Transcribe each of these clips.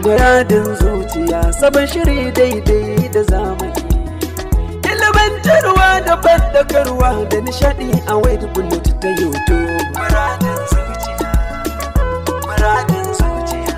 Muradin zuciya sabon shiri daidai da zamani. Ilimantarwa da bandakarwa da nishadi a wayar bullet ta YouTube. Muradin zuciya, muradin zuciya.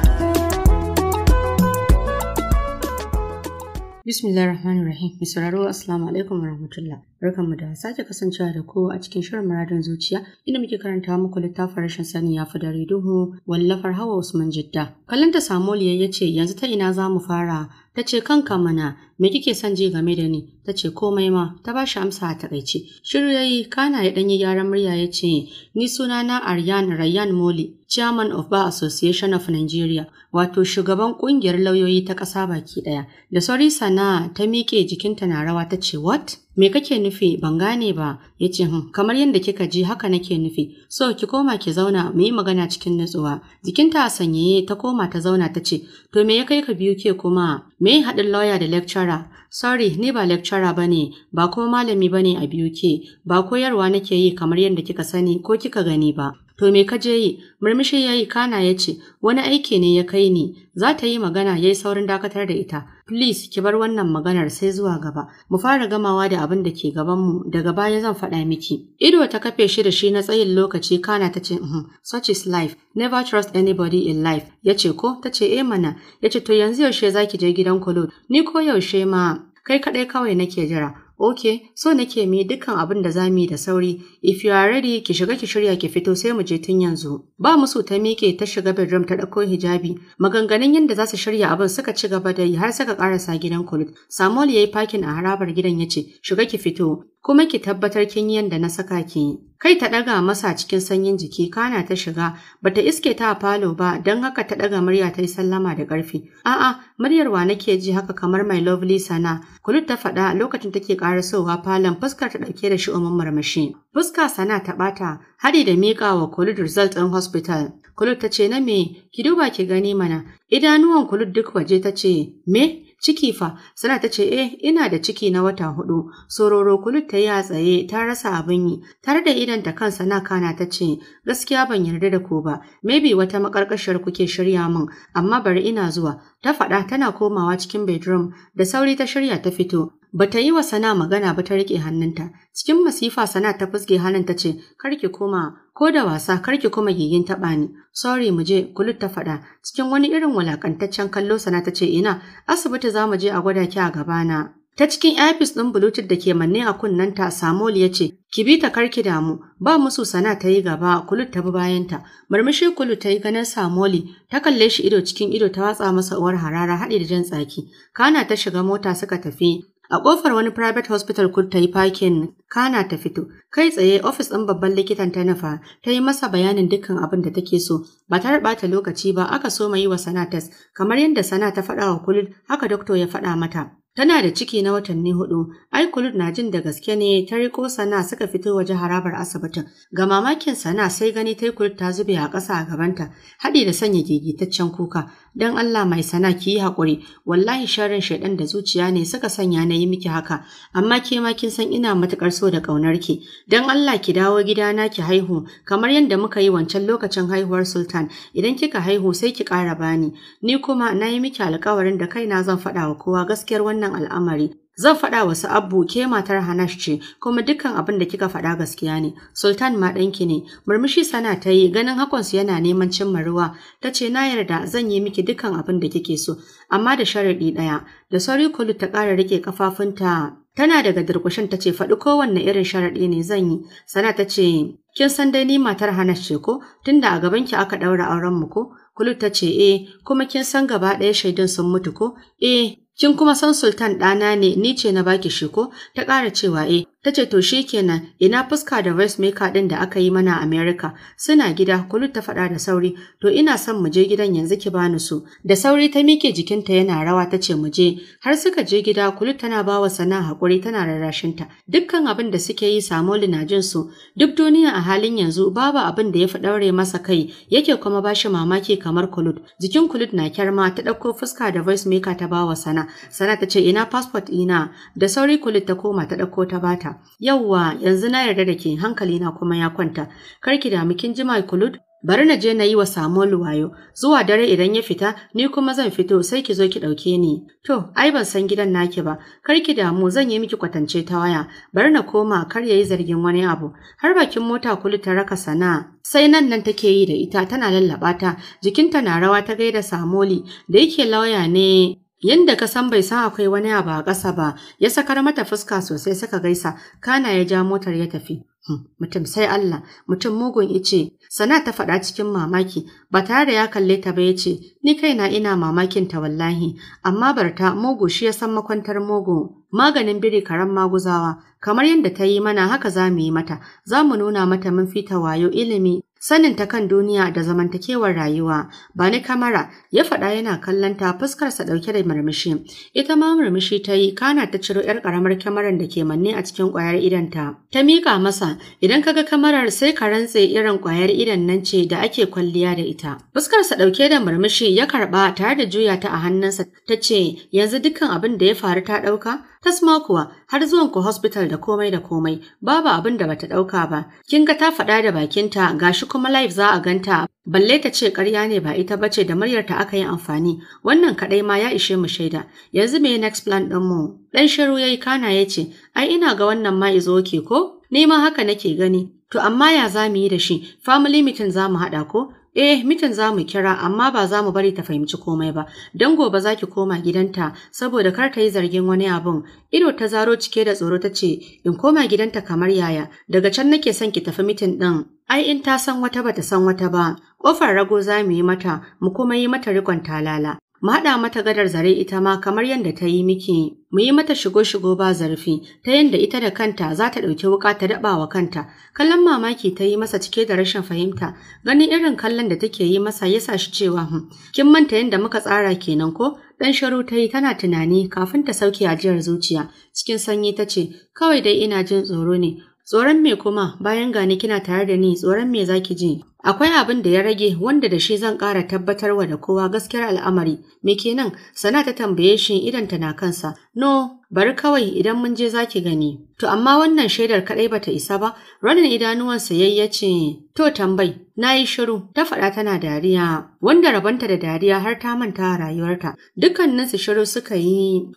Bismillahirrahmanirrahim. Misraro Assalamu alaikum warahmatullah. barkanmu da sake kasancewa da kowa a cikin shirin muradin zuciya inda muke karanta muku littafin rashin sani ya fi dare duhu wallafar hawa usman jidda kallanta samuel ya ce yanzu ta ina za mu fara ta ce kanka mana me kike son ji game da ni ta ce komai ma ta ba shi amsa a takaice shiru ya yi kana ya ɗanyi gyaran murya ya ce ni suna na aryan rayyan moli chairman of bar association of nigeria wato shugaban kungiyar lauyoyi ta ƙasa baki ɗaya da sauri sana ta miƙe jikinta na rawa ta ce what Me kake nufi ban gane ba ya ce hmm, kamar yadda kika ji haka nake nufi so ki koma ki zauna mu yi magana cikin nutsuwa jikinta a sanyaye ta koma ta zauna ta ce to me ya kai ka biyu ke kuma me haɗin lauya da lecturer sorry ni ba lecturer ne, ba ko malami ba ne a biyu ke ba koyarwa nake yi kamar yadda kika sani ko kika gani ba To me ka je yi? Murmushi ya yi kana ya ce, wani aiki ne ya kai ni, za ta yi magana ya yi saurin dakatar da ita. Please, ki bar wannan maganar sai zuwa gaba. Mu fara gamawa da abin da ke gabanmu, daga baya zan faɗa miki. Ido ta kafe shi da shi na tsayin lokaci kana ta ce, uhm, such is life, never trust anybody in life. Ya ce ko? Ta ce, eh mana. Ya ce, to yanzu yaushe za ki je gidan Kolod? Ni ko yaushe ma, kai kaɗai kawai nake jira. Ok, so nake mi dukkan abin da za da sauri. If you are ready, ki shiga ki shirya ki fito sai mu je tun yanzu. Ba musu ta miƙe ta shiga bedroom ta ɗauko hijabi. Maganganun yadda za su shirya abin suka ci gaba da yi har suka ƙarasa gidan kulit. Samuel ya yi fakin a harabar gidan ya ce, shiga ki fito. kuma ki tabbatar kin yi yadda na saka ki yi. Kai ta ɗaga masa cikin sanyin jiki kana ta shiga bata iske ta a falo ba dan haka ta ɗaga murya ta yi sallama da ƙarfi. A'a muryar wa nake ji haka kamar mai lovely sana. Kulit ta faɗa lokacin take sowa falon fuskar ta ɗauke da shi shi'umin marmashi. Fuska sana ta bata hari da mika wa Kulit result ɗin hospital. Kulit ta ce na me ki duba ki gani mana. Idanuwan Kulit duk waje ta ce me Ciki fa, Sana ta ce, "Eh, ina da ciki na wata hudu." Sororo kulut ta yi a tsaye, ta rasa abin yi. Tare da idan ta kansa na kana ta ce, "Gaskiya ban yarda da ku ba. Maybe wata makarkashiyar kuke shirya min, amma bari ina zuwa." Ta faɗa tana komawa cikin bedroom da sauri ta shirya ta fito. Ba ta yi wa sana magana ba ta riƙe hannunta. Cikin masifa sana ta fusge hannun ta ce, "Kar ki koma, ko da wasa karki ki koma gigin taɓa ni." "Sorry mu je," Kulut ta faɗa. Cikin wani irin walakantaccen kallo sana ta ce, "Ina, asibiti za mu je a gwada ki a gabana." Ta cikin airpiece ɗin Bluetooth da ke manne a kunnanta Samol ya ce, Ki bi ta karki damu, ba musu sana ta yi gaba, kulut ta bi bayanta. Murmushi kulut ta yi ganin Samoli, ta kalle shi ido cikin ido ta watsa masa uwar harara haɗi da jan tsaki. Kana ta shiga mota suka tafi, a kofar wani private hospital kud ta yi parking kana ta fito kai tsaye ofis ɗin babban likitan ta nufa ta yi masa bayanin dukkan abin da take so ba ta ɓata lokaci ba aka so yi wa sana test kamar yadda sana ta faɗa wa kulud haka doktor ya faɗa mata Tana da ciki na watanni hudu, ai Kulud na jin da gaske ne ta riko sana suka fito waje harabar asibitin. Ga mamakin sana sai gani ta Kulud ta zube a ƙasa a gabanta, haɗi da sanya gigitaccen kuka. don Allah mai sana ki yi haƙuri wallahi sharrin shaidan da zuciya ne suka sanya na yi miki haka amma ke ma kin san ina matukar so da ƙaunar ki don Allah ki dawo gidana ki haihu kamar yadda muka yi wancan lokacin haihuwar sultan idan kika haihu sai ki ƙara bani ni kuma na yi miki alƙawarin da kaina zan faɗa wa kowa gaskiyar wannan al'amari Zan faɗa wa Sa'abu ke matar Hanash ce kuma dukkan abin da kika faɗa gaskiya ne. Sultan ma ɗanki ne. Murmushi sana ta yi ganin su yana neman cimma ruwa. Ta ce na yarda zan yi miki dukkan abin da kike so amma da sharaɗi ɗaya. Da sauri Kulu ta ƙara riƙe kafafunta Tana daga durkushin ta ce faɗi kowanne irin sharaɗi ne zan yi. Sana ta ce kin san dai ni matar Hanash ce ko tunda a gabanki aka ɗaura auren mu ko? Kulut ta ce, "E, kuma kin san gaba ɗaya shaidun sun mutu ko? E, Kin kuma san Sultan ɗana ne, ni ce na baki shi ko? Ta ƙara cewa eh, ta ce to shi kenan ina fuska da voice maker ɗin da aka yi mana a America suna gida kulu ta faɗa da sauri to ina son mu je gidan yanzu ki bani su da sauri ta mike jikinta yana rawa ta ce mu je har suka je gida kulu tana ba wa sana hakuri tana rarrashinta dukkan abin da suke yi samoli na jin su duk duniya a halin yanzu babu abin da ya fi ɗaure masa kai yake kuma ba shi mamaki kamar kulut jikin kulut na kyarma ta ɗauko fuska da voice maker ta wa sana Sana ta ce ina passport ina da sauri kulit ta koma ta ɗauko ta bata. Yawwa yanzu na yarda da ke hankali na kuma ya kwanta. Kar ki damu kin jima kulut bari na je na yi wa samuwar wayo zuwa dare idan ya fita ni kuma zan fito sai ki zo ki ɗauke ni. To, ai ban san gidan naki ba, kar ki damu zan yi miki kwatance ta waya, bari na koma kar ya yi zargin wani abu, har bakin mota kulu ta raka sana'a. Sai nan nan take yi da ita tana lallaɓa ta, jikinta na rawa ta gaida Samoli da yake lauya ne Yanda ka san bai san akwai wani abu a ƙasa ba, ya sakar mata fuska sosai suka gaisa, kana ya ja motar ya tafi. Hmm, mutum sai Allah, mutum mugun ice, sana ta faɗa cikin mamaki, ba tare da ya kalle ta ba ya ce, Ni kaina ina mamakin ta wallahi, amma barta mugu shi ya san makwantar mugu. Maganin biri karen maguzawa, kamar yadda ta yi mana haka za mu yi mata, za mu nuna mata mun fita wayo ilimi sanin ta kan duniya da zamantakewar rayuwa ba ni kamara ya faɗa yana kallon ta fuskarsa ɗauke da murmushi ita ma murmushi ta yi kana ta ciro yar ƙaramar kyamarar da ke manne a cikin ƙwayar idan ta ta miƙa masa idan ka ga kamarar sai ka rantse irin ƙwayar idan nan ce da ake kwalliya da ita fuskarsa ɗauke da murmushi ya karɓa tare da juya ta a hannunsa ta ce yanzu dukkan abin da ya faru ta ɗauka Tasma kuwa har zuwan ku hospital da komai da komai babu abin da bata ɗauka ba. Kin ga ta faɗa da bakinta gashi kuma life za a ganta balle ta ce ƙarya ne ba ita ba ce da muryar ta aka yi amfani wannan kaɗai ma ya ishe mu shaida yanzu me next plan ɗin mu. Ɗan shiru yayi kana ya ce ai ina ga wannan ma izo ke ko? nima haka nake gani To amma ya za mu yi da shi? Family meeting za mu haɗa ko? Eh, mitin za mu kira amma ba za mu bari ta fahimci komai ba, don gobe za ki koma gidanta saboda kar ta yi zargin wani abun. Ido ta zaro cike da tsoro ta ce, in koma gidanta kamar yaya, daga can nake son ki tafi mitin ɗin. Ai in ta san wata ba ta san wata ba, ƙofar rago za mu yi mata, mu kuma yi mata rikon talala. mu haɗa mata gadar zare ita ma kamar yadda ta yi miki. Mu yi mata shigo-shigo ba zarfi ta yadda ita da kanta za ta ɗauki wuƙa ta daɓa wa kanta. Kallon mamaki ta yi masa cike da rashin fahimta, ganin irin kallon da take yi masa ya sa shi cewa hmm, kin manta yadda muka tsara kenan ko? Ɗan sharu ta yi tana tunani kafin ta sauke ajiyar zuciya. Cikin sanyi ta ce, kawai dai ina jin tsoro ne. Tsoron me kuma bayan gani kina tare da ni tsoron me zaki ji? Akwai abin da ya rage wanda da shi zan ƙara tabbatarwa da kowa gaskiyar al'amari. Me kenan sana ta tambaye shi idan ta na kansa. No, bari kawai idan mun je zaki gani. To amma wannan shaidar kaɗai bata isa ba, ranin idanuwansa yayi ya ce, To tambai, na yi shiru, ta faɗa tana dariya, wanda rabanta da dariya har ta manta rayuwarta. Dukkaninsu shiru suka yi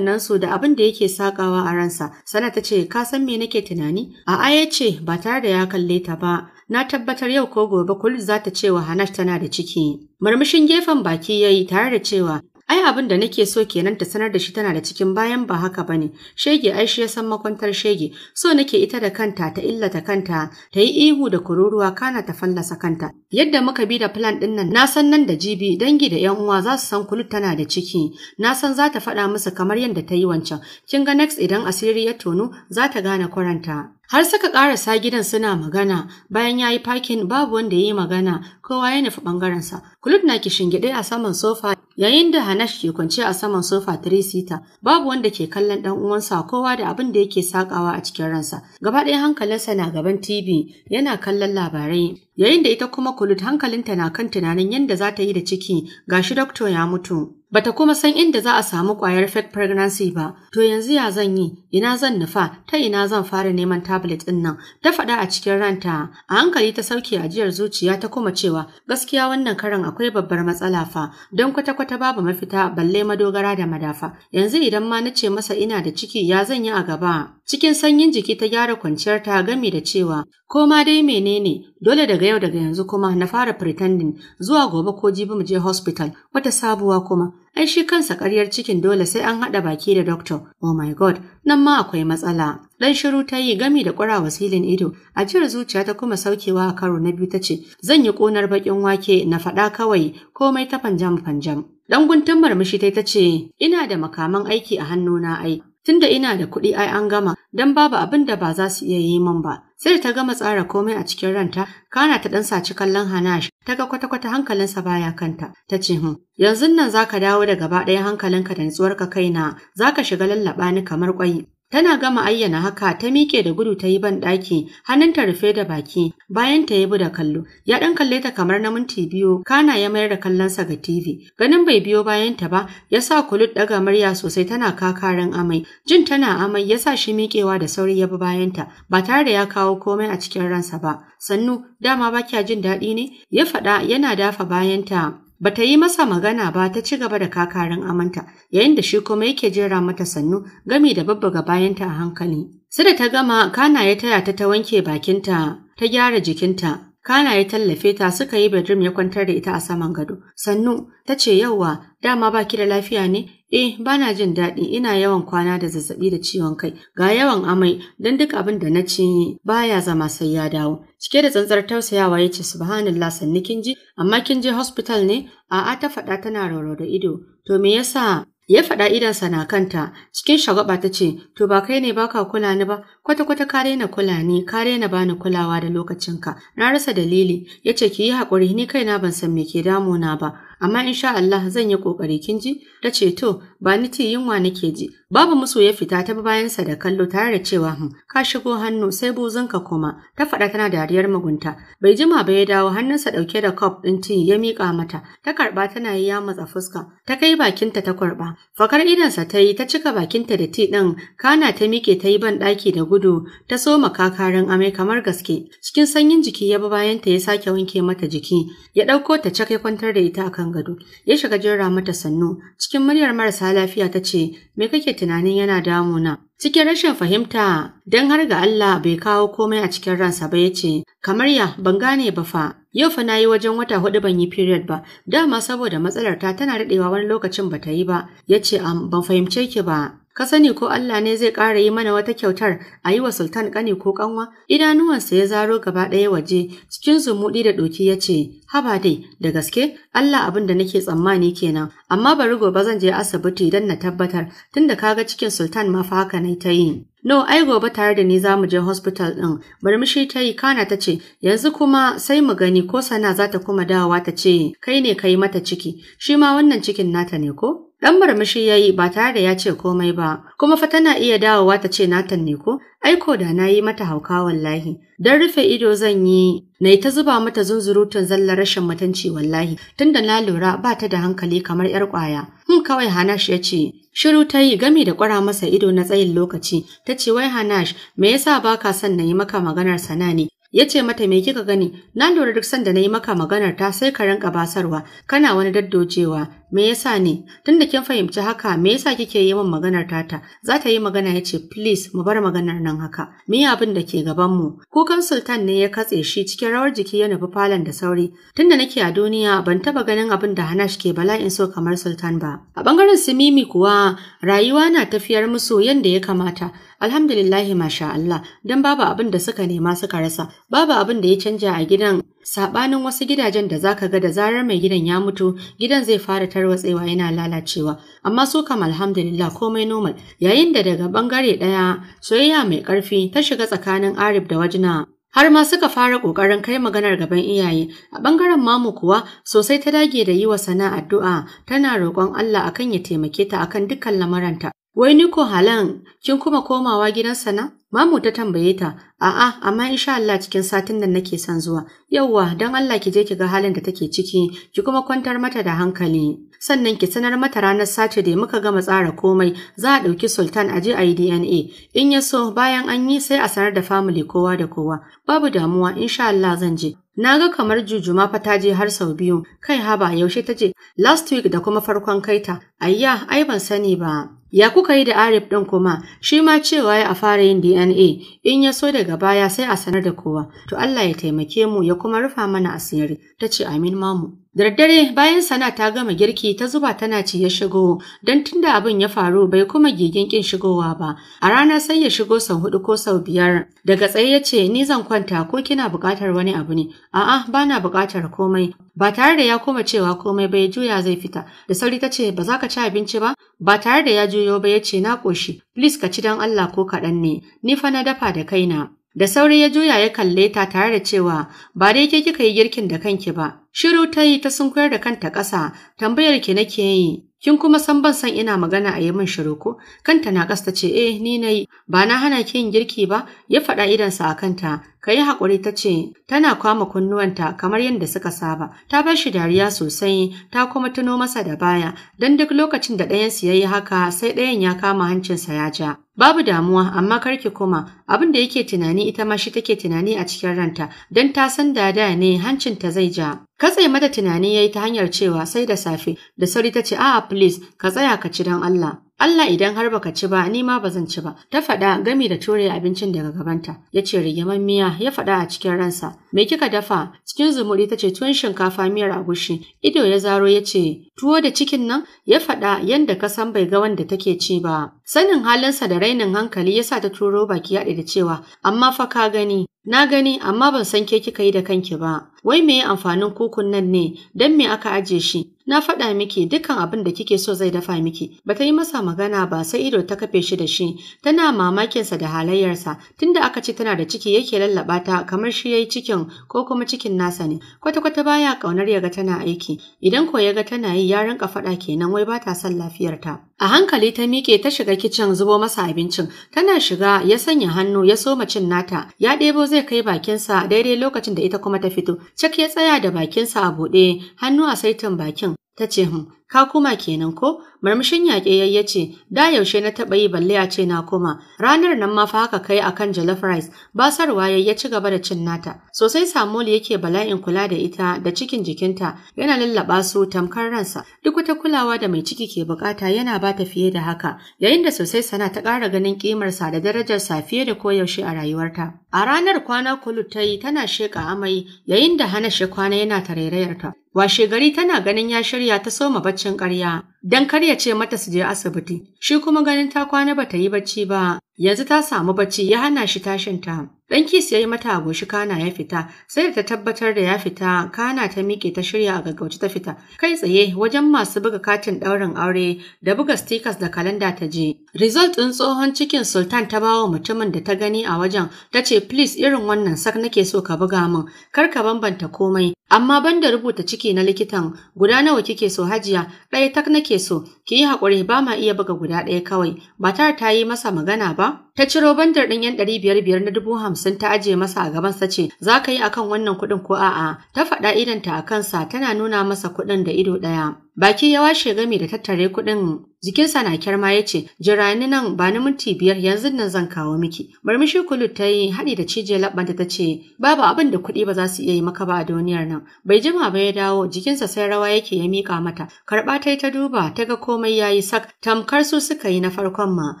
su da abin da yake sakawa a ransa. Sana ta ce, Ka san me nake tunani? A'a ya ce, ba tare da ya kalle ta ba, Na tabbatar yau ko gobe kul za ta cewa wa Hanash tana da ciki. Murmushin gefen baki ya yi, tare da cewa ai abin da nake so kenan ta sanar da shi tana da cikin bayan ba haka bane. Shege ai shi ya san makwantar shege. So nake ita da kanta ta illata kanta, ta yi ihu da kururuwa kana ta fallasa kanta. Yadda muka bi da plan din nan, na san nan da jibi dangi da yan uwa za su san kulu tana da ciki. Na san za ta faɗa musu kamar yadda ta yi wancan. Kin ga next idan asiri ya tonu za ta gane kwaranta. Har suka ƙarasa gidan suna magana bayan ya yi fakin babu wanda ya yi magana kowa ya nufi ɓangarensa. Kulut na kishingiɗe a saman sofa yayin da Hanash ke kwance a saman sofa three-seater babu wanda ke kallon ɗan uwansa kowa da abin da yake sakawa a cikin ransa. Gaba ɗaya hankalinsa na gaban TV yana kallon labarai yayin da ita kuma Kulut hankalinta na kan tunanin yadda za ta yi da ciki gashi doctor ya mutu. Bata kuma san inda za a samu ƙwayar fake pregnancy ba, to yanzu ya zan yi, ina zan nufa, ta ina zan fara neman tablet ɗin nan, ta faɗa a cikin ranta, a hankali ta sauke ajiyar zuciya ta kuma cewa gaskiya wannan karan akwai babbar matsala fa, don kwata-kwata babu mafita balle madogara da madafa, yanzu idan ma na ce masa ina da ciki ya zan yi a gaba. Cikin sanyin jiki ta gyara kwanciyar ta gami da cewa koma dai menene dole daga yau daga yanzu kuma na fara pretending zuwa gobe ko jibi mu je hospital wata sabuwa kuma ai shi kansa karyar cikin dole sai an haɗa baki da doctor oh my god nan ma akwai matsala dan shiru ta yi gami da kura wasilin ido a jira zuciya ta kuma saukewa a karo na biyu ta ce zan yi konar bakin wake na faɗa kawai komai ta fanjam fanjam dan guntun marmishi ta ce ina da makaman aiki a hannuna ai Tunda ina da kuɗi ai an gama, don babu abin da ba za su iya yi min ba. Sai da ta gama tsara komai a cikin ranta, kana ta ɗan saci kallon Hanash, ta ga kwata-kwata hankalinsa baya kanta. Ta ce, "Hm, yanzu nan za ka dawo da gaba ɗaya hankalinka da nutsuwarka kaina, za ka shiga lallaba ni kamar ƙwai, Tana gama ayyana haka ta miƙe da gudu ta yi ban ɗaki, hannunta rufe da baki, bayan ta yi da kallo. Ya ɗan kalle ta kamar na minti biyu, kana ya mayar da kallonsa ga TV. Ganin bai biyo bayan ta ba, ya sa kulut ɗaga murya sosai tana kakarin amai. Jin tana amai ya sa shi miƙewa da sauri ya bi bayan ta, ba tare da ya kawo komai a cikin ransa ba. Sannu, dama ba kya jin daɗi ne? Ya faɗa yana dafa bayan ta. Ba ta yi masa magana ba ta ci gaba da kakarin amanta, yayin da shi kuma yake jera mata sannu gami da babbaga bayanta a hankali. Sai da ta gama, kana ya taya ta ta wanke bakinta, ta gyara jikinta, Kana ya tallafe ta suka yi bedroom ya kwantar da ita a saman gado. Sannu ta ce yauwa dama ba ki da lafiya ne? Eh bana jin daɗi ina yawan kwana da zazzabi da ciwon kai. Ga yawan amai don duk abin da na ci baya zama sai ya dawo. cike da tsantsar tausayawa ya ce subhanallah Sannu kin ji amma kin je hospital ne a'a ta faɗa tana roro da ido to me yasa ya faɗa idansa na kanta cikin shagwaba ta ce to ba kai ne baka kula ni ba kwata kwata ka daina kula ni ka daina bani kulawa da lokacinka na rasa dalili ya ce ki yi haƙuri ni kaina ban san me ke damuna ba amma insha Allah zan yi ƙoƙari kin ji ta ce to ba ni ti yunwa nake ji Babu musu ya fita ta bayansa da kallo tare da cewa hmm, ka shigo hannu sai buzunka kuma ta faɗa tana dariyar mugunta. Bai jima ba ya dawo hannunsa ɗauke da kop ɗin ti ya miƙa mata. Ta karɓa tana yi ya matsa fuska. Ta kai bakinta ta kwarɓa. Fakar idonsa ta yi ta cika bakinta da ti ɗin kana ta miƙe ta yi ban ɗaki da gudu ta soma kakarin amai kamar gaske. Cikin sanyin jiki ya bi bayanta ya sake wanke mata jiki. Ya ɗauko ta cakai kwantar da ita akan gado. Ya shiga jira mata sannu. Cikin muryar marasa lafiya ta ce me kake tunanin yana damuna. Cikin rashin fahimta, don har ga Allah bai kawo komai a cikin ransa ba ya ce, kamar ya ban gane ba fa, yau fa na yi wajen wata hudu ban yi period ba, dama saboda matsalar ta tana daɗewa wani lokacin ba ta yi ba, ya ce ban fahimce ki ba. Ka sani ko Allah ne zai ƙara yi mana wata kyautar a yi wa Sultan ƙani ko ƙanwa? Idanuwansa ya zaro gaba ɗaya waje cikin zumuɗi da ɗoki ya ce, Haba dai, da gaske, Allah abin da nake tsammani kenan, amma bari gobe zan je asibiti don na tabbatar tunda kaga cikin Sultan ma fa haka ta yi. No, ai gobe tare da ni za mu je hospital ɗin. Barmishi ta yi kana ta ce, yanzu kuma sai mu gani ko sana za ta kuma dawowa ta ce, kai ne ka yi mata ciki, shi ma wannan cikin nata ne ko? Dan murmushi ya yi ba tare da ya ce komai ba, kuma fa tana iya dawowa ta ce na ne ko? Aiko da na yi mata hauka wallahi, don rufe ido zan yi na ta zuba mata zunzurutun zallar rashin mutunci wallahi, tunda na lura ba ta da hankali kamar ‘yar kwaya Hun kawai Hanash ya ce, Shiru ta yi gami da ƙwara masa ido na tsayin lokaci, ta ce wai Hanash, me yasa ba ka son na yi maka maganar sana ne, ya ce mata me kika gani na lura duk sanda na yi maka maganar ta sai ka rinka basarwa kana wani daddocewa me yasa ne tunda kin fahimci haka me yasa kike yi min maganar tata za ta yi magana ya ce please mu bar maganar nan haka me abin da ke gaban mu kukan sultan ne ya katse shi cikin rawar jiki ya nufi falon da sauri tunda nake a duniya ban taba ganin abin da Hanash ke bala'in so kamar sultan ba a bangaren Simimi kuwa rayuwa na tafiyar musu yadda ya kamata alhamdulillahi masha Allah don babu abin da suka nema suka rasa babu abin da ya canja a gidan sabanin wasu gidajen da zaka ga da zarar mai gidan ya mutu gidan zai fara tarwatsewa yana lalacewa amma su kam alhamdulillah komai normal yayin da daga bangare daya soyayya mai karfi ta shiga tsakanin Arif da Wajna har ma suka fara kokarin kai maganar gaban iyaye a ɓangaren mamu kuwa sosai ta dage da yi wa sana'a addu'a tana roƙon Allah akan ya taimake ta akan dukkan lamaranta Wai ni halan kin kuma komawa gidan na? Mamu ta tambaye ta, a'a amma insha Allah cikin satin nan nake son zuwa. Yawwa don Allah ki je ki ga halin da take ciki, ki kuma kwantar mata da hankali. Sannan ki sanar mata ranar Saturday muka gama tsara komai, za a ɗauki Sultan a je a yi DNA. In ya so bayan an yi sai a sanar da family kowa da kowa. Babu damuwa insha Allah zan je. Na ga kamar jujuma fa ta je har sau biyu, kai haba yaushe ta je, last week da kuma farkon kaita, ayya ai ban sani ba. Ya kuka yi da Arif ɗin kuma, shi ma cewa ya a fara yin DNA, in ya so daga baya sai a sanar da kowa, to Allah ya taimake mu ya kuma rufa mana asiri, ta ce Amin Mamu. Da daddare bayan sana ta gama girki ta zuba tana ci ya shigo don tunda abin ya faru bai kuma gigin kin shigowa ba. A rana sai ya shigo sau hudu ko sau biyar. Daga tsaye ya ce ni zan kwanta ko kina bukatar wani abu ne. A'a bana bukatar komai. Ba tare da ya koma cewa komai ba juya zai fita. Da sauri ta ce ba za ka ci abinci ba? Ba tare da ya juyo ba ya ce na koshi Please ka ci don Allah ko kaɗan ne. Ni fa na dafa da kaina. Da sauri ya juya ya kalle ta tare da cewa ba dai ke kika yi girkin da kanki ba, Shiru ta yi ta sunkuyar da kanta ƙasa, tambayar ki nake yi, kin kuma san ban san ina magana a yi min shiru ko? Kanta na ƙasa ta ce, eh ni na yi, ba na hana ki yin girki ba, ya faɗa idansa a kanta, ka yi haƙuri ta ce, tana kwama kunnuwanta kamar yadda suka saba, ta bar shi dariya sosai, ta kuma tuno masa da baya, don duk lokacin da ɗayansu ya yi haka sai ɗayan ya kama hancinsa ya ja. Babu damuwa, amma kar ki kuma abin da yake tunani ita ma shi take tunani a cikin ranta, don ta san da da ne hancinta zai ja. ka tsaye mata tunani ya yi ta hanyar cewa sai da safe, da sauri ta ce, A'a, please, ka tsaya ka ci don Allah. Allah idan har baka ci ba ni ma bazan ci ba ta faɗa gami da ture abincin daga gabanta ya ce rigiman miya ya faɗa a cikin ransa me kika dafa cikin zumuri ta ce tuwon shinkafa miyar agushi ido ya zaro ya ce tuwo da cikin nan ya faɗa yadda ka san bai ga wanda take ci ba sanin halinsa da rainin hankali ya sa ta turo baki yaɗe da cewa amma fa ka gani Na gani amma ban san ke kika yi da kanki ba. Wai me amfanin kukun nan ne? Dan me aka aje shi? Na faɗa miki dukkan abin da kike so zai dafa miki. Ba ta yi masa magana ba sai ido ta kafe shi da shi. Tana mamakinsa da halayyarsa. Tunda aka ce tana da ciki yake lallaɓa ta kamar shi yayi cikin ko kuma cikin nasa ne. Kwata-kwata baya ƙaunar ya ga tana aiki. Idan ko ya ga tana yi ya rinka faɗa kenan wai ba ta son lafiyarta. A hankali ta miƙe ta shiga kicin zubo masa abincin, tana shiga ya sanya hannu ya soma cin nata, ya ɗebo zai kai bakinsa daidai lokacin da ita kuma ta fito. Cak ya tsaya da bakinsa a buɗe, hannu a saitin bakin. Ta ce, hmm, Ka kuma kenan ko? Murmushin yaƙe ya ce, da yaushe na taɓa yi balle a ce na koma. Ranar nan ma fa haka kai akan jollof rice, basarwa ya ci gaba da cin nata. Sosai Samoli yake bala'in kula da ita da cikin jikinta, yana lallaba su tamkar ransa. Duk wata kulawa da mai ciki ke bukata yana ba ta fiye da haka, yayin da sosai sana ta ƙara ganin ƙimarsa da darajar sa fiye da koyaushe a rayuwarta. A ranar kwana kulu ta yi tana sheƙa amai, yayin da hana shi kwana yana tarairayarta. Washe gari tana ganin ya shirya ta soma bacci Sanchan Karya don kar ya ce mata su je asibiti. Shi kuma ganin ta kwana bata yi bacci ba, yanzu ta samu bacci ya hana shi tashin ta. Dan kis ya yi mata agoshi kana ya fita, sai da ta tabbatar da ya fita, kana ta miƙe ta shirya a gaggauci ta fita. Kai tsaye wajen masu buga katin ɗaurin aure da buga stikas da kalanda ta je. Result ɗin tsohon cikin Sultan ta bawa mutumin da ta gani a wajen, ta ce please irin wannan sak nake so ka buga min, kar ka bambanta komai. Amma ban da rubuta ciki na likitan, guda nawa kike so hajiya, ɗaya tak nake kake so, ki yi haƙuri ba ma iya buga guda ɗaya kawai, matar ta yi masa magana ba? Ta ciro bandar ɗin yan ɗari biyar biyar na dubu hamsin ta ajiye masa a gaban sa ce za ka yi akan wannan kuɗin ko a'a ta faɗa idanta a kansa tana nuna masa kuɗin da ido ɗaya. Baki ya washe gami da tattare kuɗin jikinsa na kirma ya ce jira ni nan ba ni minti biyar yanzu nan zan kawo miki. Murmushi Kulu ta yi haɗi da cije labanta ta ce babu abin da kuɗi ba za su iya yi maka ba a duniyar nan. Bai jima ba ya dawo jikinsa sai rawa yake ya miƙa mata. Karɓa ta ta duba ta ga komai ya yi sak tamkar su suka yi na farkon ma.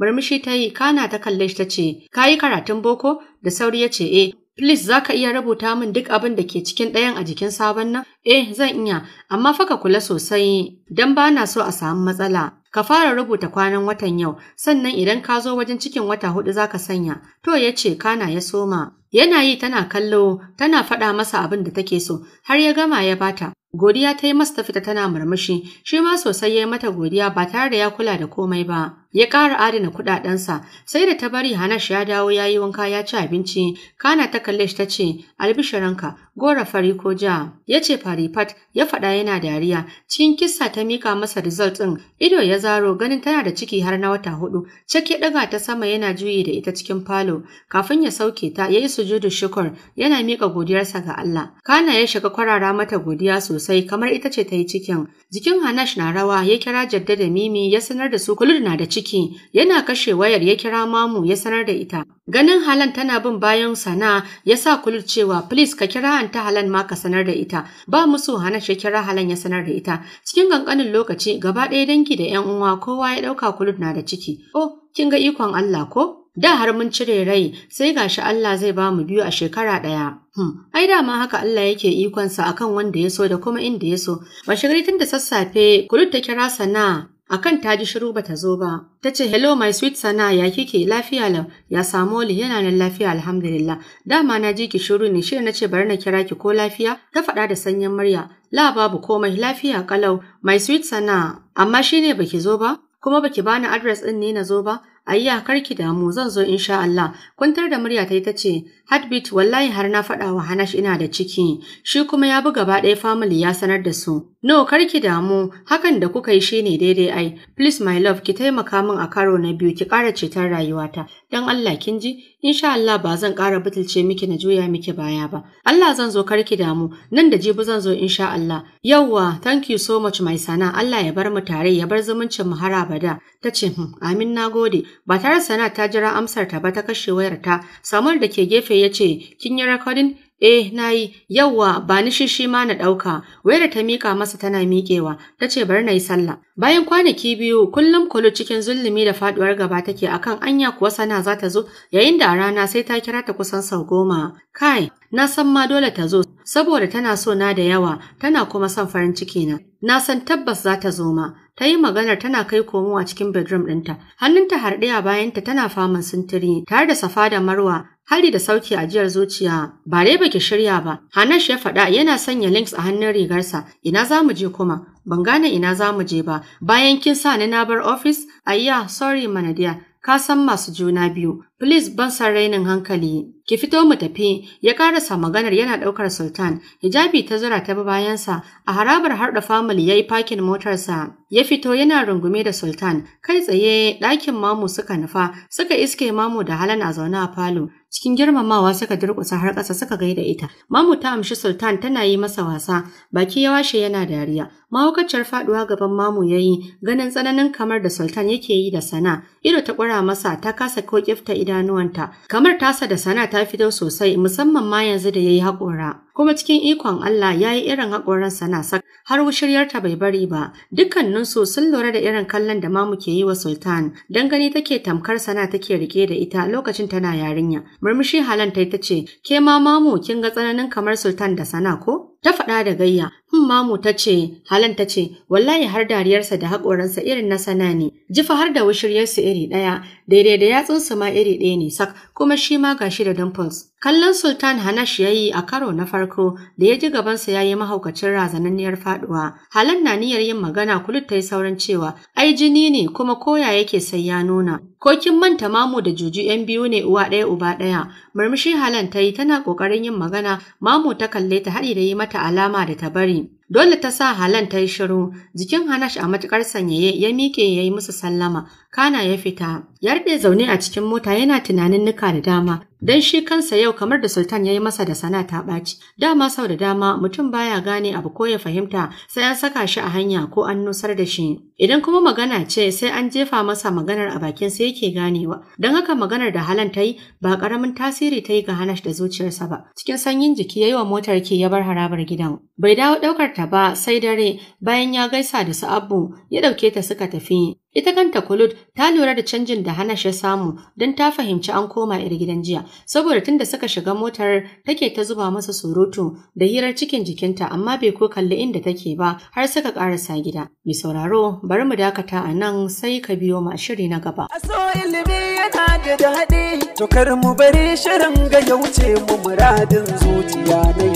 Murmushi ta yi kana ta kalle shi ta ce, Ka yi karatun boko? Da sauri ya ce, E, Please za ka iya rubuta min duk abin da ke cikin ɗayan a jikin sabon nan? E, zan iya, amma faka kula sosai, don ba na so a samu matsala. Ka fara rubuta kwanan watan yau, sannan idan ka zo wajen cikin wata hudu za ka sanya. To ya ce kana ya soma. Yana yi tana kallo, tana faɗa masa abin da take so, har ya gama ya bata. Godiya ta yi masa ta fita tana murmushi, shi ma sosai ya yi mata godiya ba tare da ya kula da komai ba. ya ƙara adana kuɗaɗensa sai da ta bari Hanash ya dawo ya yi wanka ya ci abinci kana ta kalle shi ta ce albishiranka gora fari ko ja. Ya ce Farifat ya faɗa yana dariya, cikin kisa ta mika masa result ɗin, ido ya zaro ganin tana da ciki har na wata hudu, cike ɗaga ta sama yana juyi da ita cikin falo, kafin ya sauke ta ya yi sujudu shukur yana mika godiyarsa ga Allah. Kana ya shiga kwarara mata godiya sosai kamar ita ce ta yi cikin. Jikin Hanash na rawa ya kira Jadda da Mimi ya sanar da su Kulud na da ciki, yana kashe wayar ya kira Mamu ya sanar da ita. Ganin Halan tana bin bayan sana ya sa Kulud cewa please ka kira ta halan ma ka sanar da ita ba mu musu hana shekara kira halan ya sanar da ita cikin kankanin lokaci gaba ɗaya danki da yan uwa kowa ya ɗauka kulut na da ciki oh kin ga ikon Allah ko Da har mun cire rai sai gashi Allah zai ba mu biyu a shekara ɗaya. Hmm. Ai ma haka Allah yake ikonsa akan wanda ya so da kuma inda ya so. Washe gari tun da sassafe kulut ta kira sana Akan ta ji shiru ba ta zo ba. Ta ce hello my sweet sana ya kike lafiya lau ya samu li yana nan lafiya alhamdulillah. Dama na ji ki shiru ne shirin na ce bari na kira ki ko lafiya ta faɗa da sanyin murya. La babu komai lafiya kalau my sweet sana amma shine baki zo ba kuma baki bani adres ɗin ne na zo ba. ayya ki damu zan zo insha Allah kwantar da murya tai tace heartbeat wallahi har na faɗa wa Hanash ina da ciki shi kuma ya buga gaba ɗaya family ya sanar da su no karki damu hakan da kuka yi shine daidai ai please my love ki taimaka min a karo na biyu ki ƙara cetar rayuwata dan Allah kin ji insha Allah ba zan ƙara butulce miki na juya miki baya ba Allah zan zo karki damu nan da jibi zan zo insha Allah yawwa thank you so much mai sana Allah ya bar mu tare ya bar zumuncin mu har abada tace hmm, amin nagode ba tare sana ta jira amsar ta ba ta kashe wayarta, ta samuel da ke gefe ya ce kin yi rekodin eh na yi yawwa ba ni shishi ma na ɗauka wayar ta miƙa masa tana miƙewa ta ce bari na yi sallah bayan kwanaki biyu kullum kulu cikin zulumi da faɗuwar gaba take akan anya kuwa sana za ta zo yayin da a rana sai ta kira ta kusan sau goma kai na san ma dole ta zo saboda tana so na da yawa tana kuma son farin ciki na na san tabbas za ta zo ma Ta yi maganar tana kai komo a cikin bedroom ɗinta. Hannunta harɗe a bayanta tana faman sintiri tare da safa da marwa hari da sauki ajiyar zuciya ba dai baki shirya ba Hanash ya faɗa yana sanya links a hannun rigarsa ina za mu je kuma ban gane ina za mu je ba bayan kin sa ni na bar ofis? ayya sorry manadiya ka san masu juna biyu, please ban san rainin hankali. Ki fito mu tafi, ya karasa maganar yana ɗaukar Sultan, hijabi ta zura ta bi bayansa, a harabar harɗa famili ya yi fakin motarsa. Ya fito yana rungume da Sultan, kai tsaye ɗakin mamu suka nufa, suka iske mamu da halan a zaune a falo, Cikin girmamawa suka durƙusa har ƙasa suka gaida ita. Mamu ta amshi Sultan tana yi masa wasa, baki ya washe yana dariya. Mahaukaciyar faɗuwa gaban mamu ya yi, ganin tsananin kamar da Sultan yake yi da sana. Ido ta ƙura masa ta kasa ko kifta idanuwanta. Kamar tasa da sana ta fito sosai musamman ma yanzu da ya yi haƙora. kuma cikin ikon Allah ya yi irin haƙorin sana sak har wushiryarta bai bari ba dukkaninsu sun lura da irin kallon da mamu ke yi wa sultan dan gani take tamkar sana take rike da ita lokacin tana yarinya murmushi halan ta ce ke ma mamu kin ga tsananin kamar sultan da sana ko ta faɗa da gayya hun mamu ta ce halan ta ce wallahi har dariyarsa da haƙoransa irin na sana ne jifa har da wushiryarsu iri ɗaya daidai da yatsunsu ma iri ɗaya ne sak kuma shi ma gashi da dimples kallon sultan hanash ya yi a karo na farko da ya ji gabansa ya yi mahaukacin razananniyar faɗuwa halan na niyyar yin magana kulut ta yi sauran cewa ai jini ne kuma koya yake sai ya nuna Ko kin manta mamu da juju ‘yan biyu ne uwa ɗaya uba ɗaya, murmushi halan ta yi tana ƙoƙarin yin magana, mamu ta kalle ta haɗi da yi mata alama da ta bari. Dole ta sa Halan ta yi shiru, jikin Hanash a matuƙar sanyaye ya miƙe ya yi musu sallama, kana ya fita. Yarɗe zaune a cikin mota yana tunanin nuka da dama, don shi kansa yau kamar da Sultan ya yi masa da sana ta ɓaci. Dama sau da dama mutum baya gane abu ko ya fahimta sai an saka shi a hanya ko an nusar da shi. Idan kuma magana ce sai an jefa masa maganar a bakin sa yake ganewa. Don haka maganar da Halan ta yi ba ƙaramin tasiri ta yi ga Hanash da zuciyarsa ba. Cikin sanyin jiki ya yi wa motar ki ya bar harabar gidan. Bai dawo ɗaukar ta ba sai dare bayan ya gaisa da su abu ya ɗauke ta suka tafi. Ita kanta Kulut ta lura da canjin da Hanash ya samu don ta fahimci an koma iri gidan jiya, saboda tunda suka shiga motar take ta zuba masa surutu da hirar cikin jikinta amma bai ko kalli inda take ba har suka karasa gida. Mai sauraro bari mu dakata a nan sai ka biyo ma shiri na gaba. Aso ilimi yana da daɗi, to kar mu bari shirin ga ya wuce mu muradin zuciya na